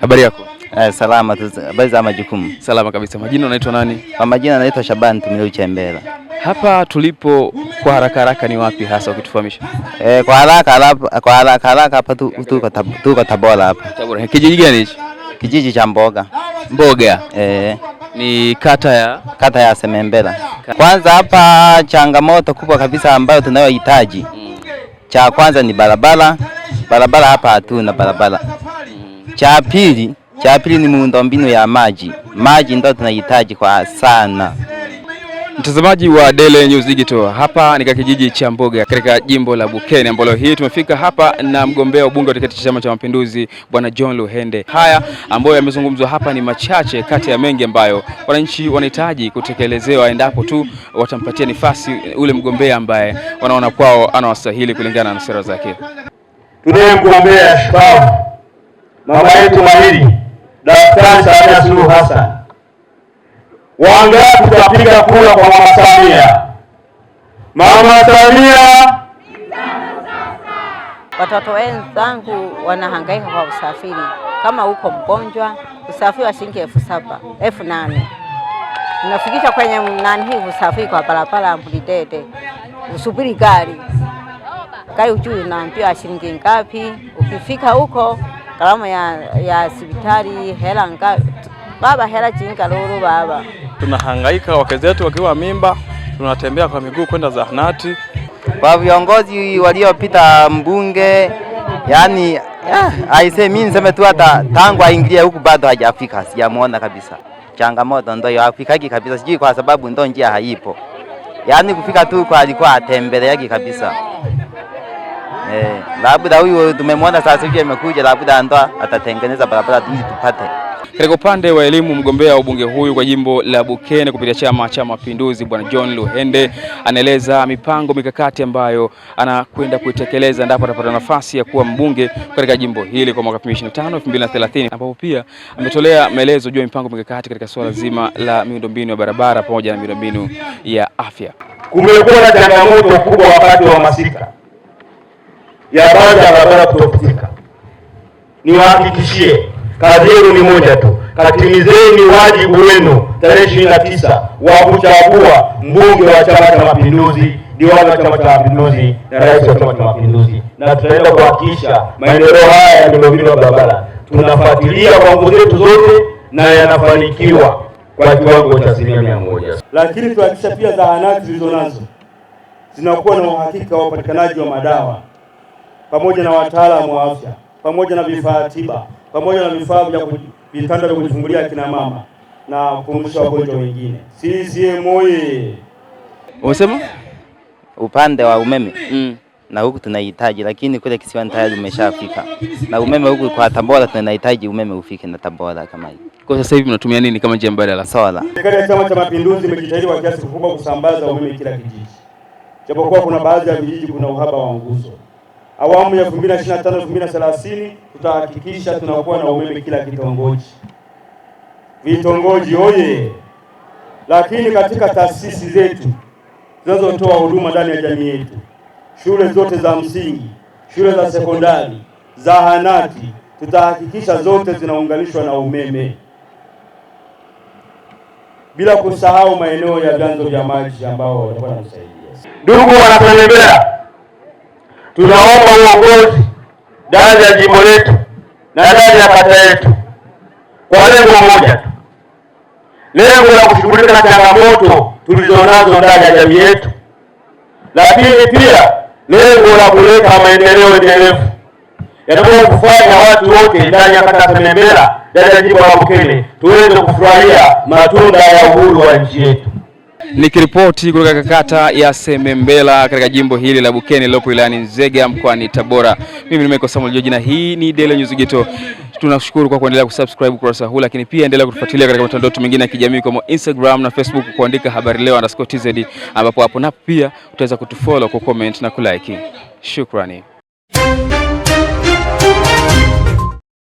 Habari yako? Eh, salama tu. Habari za majukumu? Salama kabisa. Majina unaitwa nani? Kwa majina naitwa Shabani Tumilio Chembela. Hapa tulipo kwa haraka haraka ni wapi hasa ukitufahamisha? Eh, kwa haraka haraka kwa haraka haraka hapa tu tu tu kwa kwa Tabora hapa. Tabora. Kijiji gani hichi? Kijiji cha Mboga. Mboga. Eh. Ni kata ya kata ya Semembela. Kwanza hapa changamoto kubwa kabisa ambayo tunayohitaji. Mm. Cha kwanza ni barabara. Barabara hapa hatuna barabara. Cha pili, cha pili ni miundombinu ya maji. Maji ndio tunahitaji kwa sana. Mtazamaji wa Daily News Digital, hapa ni katika kijiji cha Mboga katika jimbo la Bukene, ambalo hii tumefika hapa na mgombea wa ubunge wa tiketi cha Chama cha Mapinduzi Bwana John Luhende. Haya ambayo yamezungumzwa hapa ni machache kati ya mengi ambayo wananchi wanahitaji kutekelezewa endapo tu watampatia nafasi ule mgombea ambaye wanaona kwao anawastahili kulingana na sera zake. Tunaye mgombea shupavu mama yetu mahiri Daktari Samia Suluhu Hassan. Wangapi tutapiga kura kwa mama Samia? Mama Samia. Watoto wenzangu wanahangaika kwa usafiri, kama uko mgonjwa, usafiri wa shilingi elfu saba elfu nane unafikisha kwenye nani hii, usafiri kwa barabara mbulidede usubiri gari gari, ujui unaambiwa shilingi ngapi, ukifika huko gharama ya hospitali hela nga baba hela chinga lulu baba, tunahangaika wake wetu wakiwa mimba, tunatembea kwa miguu kwenda zahanati. Kwa viongozi waliopita, mbunge yani yeah, aise mimi niseme tu hata tangu aingilie huku bado hajafika, sijamuona kabisa. Changamoto ndio hafikagi kabisa, sijui kwa sababu ndio njia haipo, yaani kufika tu kwa alikuwa atembeleagi kabisa. Eh, labda huyu tumemwona sasa hivi amekuja, labda ndoa atatengeneza barabara hizi tupate. Katika upande wa elimu, mgombea wa ubunge huyu kwa jimbo la Bukene kupitia Chama cha Mapinduzi, Bwana John Luhende anaeleza mipango mikakati ambayo anakwenda kuitekeleza endapo atapata nafasi ya kuwa mbunge katika jimbo hili kwa mwaka 2025 2030, ambapo pia ametolea maelezo juu ya mipango mikakati katika suala zima la miundombinu ya barabara pamoja na miundombinu ya afya. Kumekuwa na changamoto kubwa wakati wa masika ya baada ya bara kutofutika. Niwahakikishie kazi yenu ni moja tu, katimizeni wajibu wenu tarehe ishirini na tisa wa kuchagua mbunge wa Chama cha Mapinduzi, diwani wa Chama cha Mapinduzi na rais wa Chama cha Mapinduzi, na tutaenda kuhakikisha maendeleo haya ya miundombinu ya barabara tunafuatilia kwa nguvu zetu zote na yanafanikiwa kwa kiwango cha asilimia mia moja. Lakini tuhakikisha pia zahanati zilizo nazo zinakuwa na uhakika wa upatikanaji wa madawa pamoja na wataalamu wa afya pamoja na vifaa tiba pamoja na vifaa vya vitanda vya kujifungulia kina mama na kumsha wagonjwa wengine. CCM oye! Unasema upande wa umeme mm. na huku tunahitaji, lakini kule kisiwani tayari umeshafika na umeme huku kwa Tabora tunahitaji umeme ufike na Tabora kama hii. Kwa sasa hivi mnatumia nini kama njia mbadala? Sola. Serikali ya Chama cha Mapinduzi imejitahidi kwa kiasi kikubwa kusambaza umeme kila kijiji, japokuwa kuna baadhi ya vijiji kuna uhaba wa nguzo awamu ya 2025 2030 tutahakikisha tunakuwa na umeme kila kitongoji. Vitongoji oye! Lakini katika taasisi zetu zinazotoa huduma ndani ya jamii yetu, shule zote za msingi, shule za sekondari, zahanati, tutahakikisha zote zinaunganishwa na umeme, bila kusahau maeneo ya vyanzo vya maji ambao watakuwa wanatusaidia. Ndugu wanapendelea tunaomba uongozi ndani ya jimbo letu na ndani ya kata yetu kwa lengo moja tu, lengo la kushughulika na changamoto tulizonazo ndani ya jamii yetu, lakini pia lengo la kuleta maendeleo endelevu yatakuwa kufanya watu wote ndani ya kata Semembela, ndani ya jimbo la Bukene tuweze kufurahia matunda ya uhuru wa nchi yetu. Nikiripoti kutoka kata ya Semembela katika jimbo hili la Bukene lilopo wilayani Nzega mkoani Tabora, mimi ni Michael Samuel George na hii ni Daily News Ghetto. Tunashukuru kwa kuendelea kusubscribe kurasa huu, lakini pia endelea kutufuatilia katika mitandao yetu mingine ya kijamii kama Instagram na Facebook kuandika habari leo underscore tz, ambapo hapo napo pia utaweza kutufollow, comment na kulike. Shukrani.